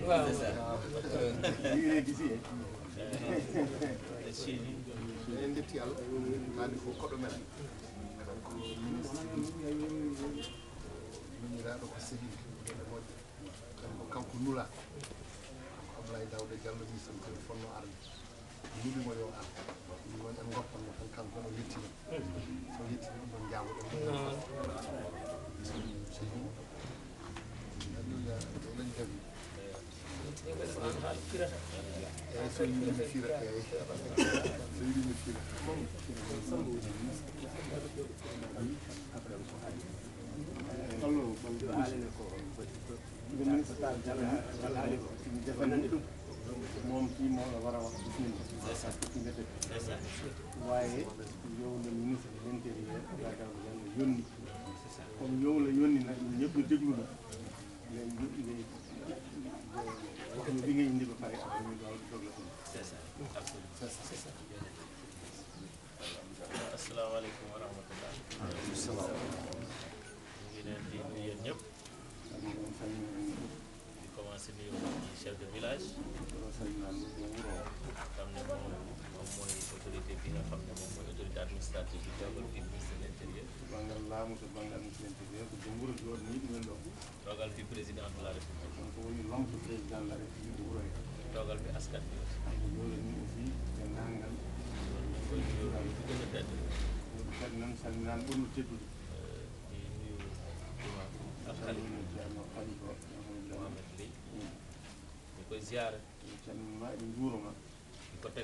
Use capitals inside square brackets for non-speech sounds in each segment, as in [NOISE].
eɗen detti allah hande ko koɗo men kadi ko yimmiraɗo ko sehil ene moƴƴa kadi ko kanko nula ko dia dawde diallo wi tan kadi fonno ini nulimo yo ar ɗum noon en goppanmo tan kanko no yettimen moom kii moo la war a wax ci ñun parce que ci nga dëkk waaye yow la ministre de l'intérieur yaakaar naa yónni comme yow la yónni nag ñun ñëpp ñu déglu la léegi wax ñu li ngay indi ba pare après ñu la ko. c'est ça c'est ça. asalaamaaleykum wa rahmatulah. waaleykum salaam. ñu ngi leen di nuyu yéen ñëpp. commencé nuyu chef de village. bi nga xam ne moom mooy autorité fi ministre toogal fi président de la république. donc woni lonko président de la république ɗo wuro he toogal fi askan bi ande yoolani aussi denndaangal koye juural ko a tedd ɗum kadi noon salminaan ɓurno teddude e nuyu alkalimi ceerno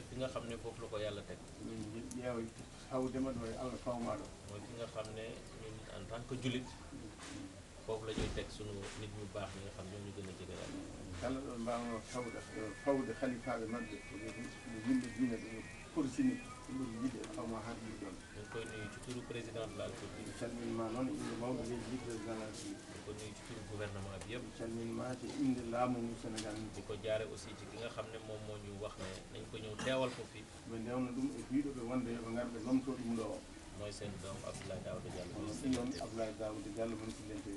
fi nga xam ne foofu la ko yàlla teg min ƴeewa hawdema ɗo e allah fawma ɗo mooy fi nga xam ne ñun en tant julit foofu la ñuy teg sunu nit ñu baax ñi nga xam ñoom ñu gën a jege yàlla. yàlla loolu maa ngi wax fawda fawda xalifaaru mag bi lu bindu diine bi pour si nit lu jiite xaw ma xaar ñu doon. ñu ngi koy nuyu ci turu président de la République. calmin maa noonu indi Maodo ngay ji président de la République. ñu ko nuyu ci turu gouvernement bi yëpp. calmin maa ci indi laamu mu Sénégal ñu di ko jaare aussi ci ki nga xam ne moom moo ñu wax ne nañ ko ñëw teewal ko fii. mais néew na du mu et puis dafay wante yow ngar be noonu soo mooy seen doom Abdoulaye Daouda Diallo. mooy seen doom Abdoulaye Daouda Diallo mu ngi si leen koy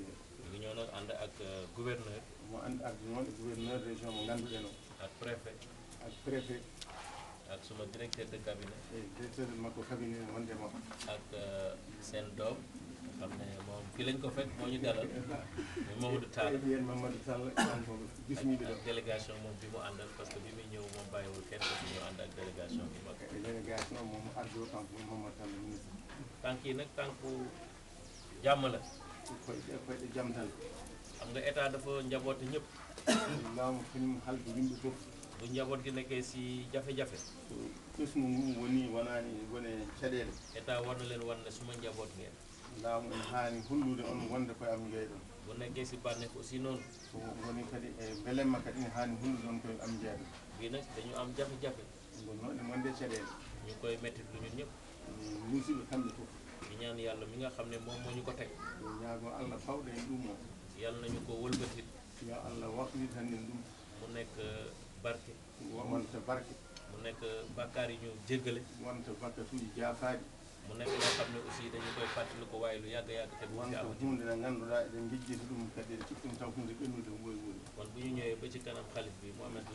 li ñoo nag ànd ak euh, gouverneur. mu ànd ak ñoom gouverneur région mu ngandu leno ak préfet. ak préfet. ak suma directeur de cabinet. directeur ma ko cabinet man de ma ak euh, seen doom xam ne moom ki lañ ko fekk moo ñu dalal [LAUGHS] muy Mamadou Tall yéen Mamadou Tall gis ñu ak délégation bi mu àndal parce que bi muy ñëw moom bàyyiwul kenn dafa ñëw ànd ak délégation bi mag délégation moom Mamadou Tall tànk yi nag tànku jàmm la. jàmm dal. xam nga état dafa njaboote ñëpp. waaw suñu xal bi njaboot gi nekkee si jafe-jafe. tous mu ngu woni wonaani wone caɗeele état war na leen wan ne suma njaboot ngeen. laamu en haani hullude on wonde koye am jeeyɗon bu nekkee si bànneex aussi am jeeyɗon bii nag dañu am jafe-jafe gonnoon e monde caɗeele ñu koy métti lu ñun ñëpp musiɓe kamɓe fof mi ñaan yàlla mi nga xam ne moom moo ñu ko teg yo ñaago allah fawɗe en ɗum o yàlla nañu ko wëlbatit yo allah waflit tan en ɗum mu nekk euh, barke wonta barke mu nekk euh, bakkaar yi ñu jéggale wonta bakkatuji jaafaɗi mu nekk loo xam ne aussi dañu koy fàttaliku waaye lu yàgg yàgg te bu fi amati kon bu ñu ñëwee ba ci kanam xalif bi Mouhamed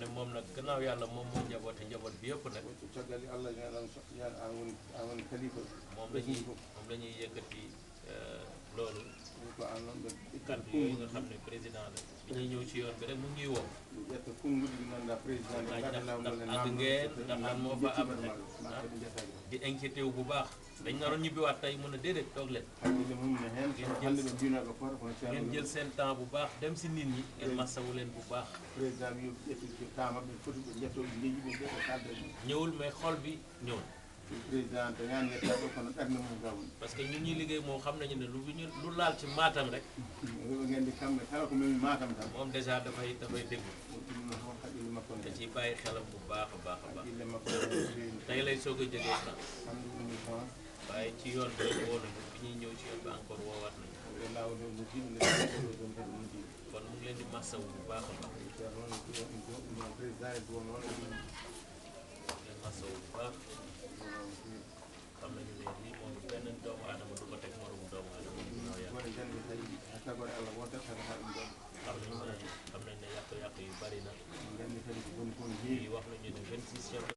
ne moom nag gannaaw yàlla moom moo njaboote njaboot bi yëpp nag moom lañuy moom la ñuy yëkkati euh, loolu kàddu yooyu nga xam ne président la bi ñuy ñëw ci yoon bi rek mu ngi woo ndax ak ngeen ndax am moo fa am ah, di inquiété wu bu baax dañ naroon ñibbiwaat tey mën a déedéet toog leen ngeen jël seen temps bu baax dem si nit ñi ngeen massawu leen bu baax ñëwul mais xol bi ñëwul président da na mu gaawoon. parce que ñun ñuy liggéey moo xam nañu ne lu ñu lu laal ci maatam rek. loolu ngeen di xam ne kala ko mel ni maatam tam. moom dèjà dafay dafay déglu. te ci bàyyi xelam bu baax a baax a baax. tey lay soog a jógee France. waaye ci yoon bi woo bi ñuy ñëw ci yoon bi encore woowaat nañu. kon mu ngi di masawu bu baax a baax. masawu bu baax xam nañu ne lii moom benn doomu aadama du ko teg moromu doomu aadama ñoo yàq xam nañu ne xam nañ ne yàq-yàq yu bari na yi wax nañu ne vingt-six chefs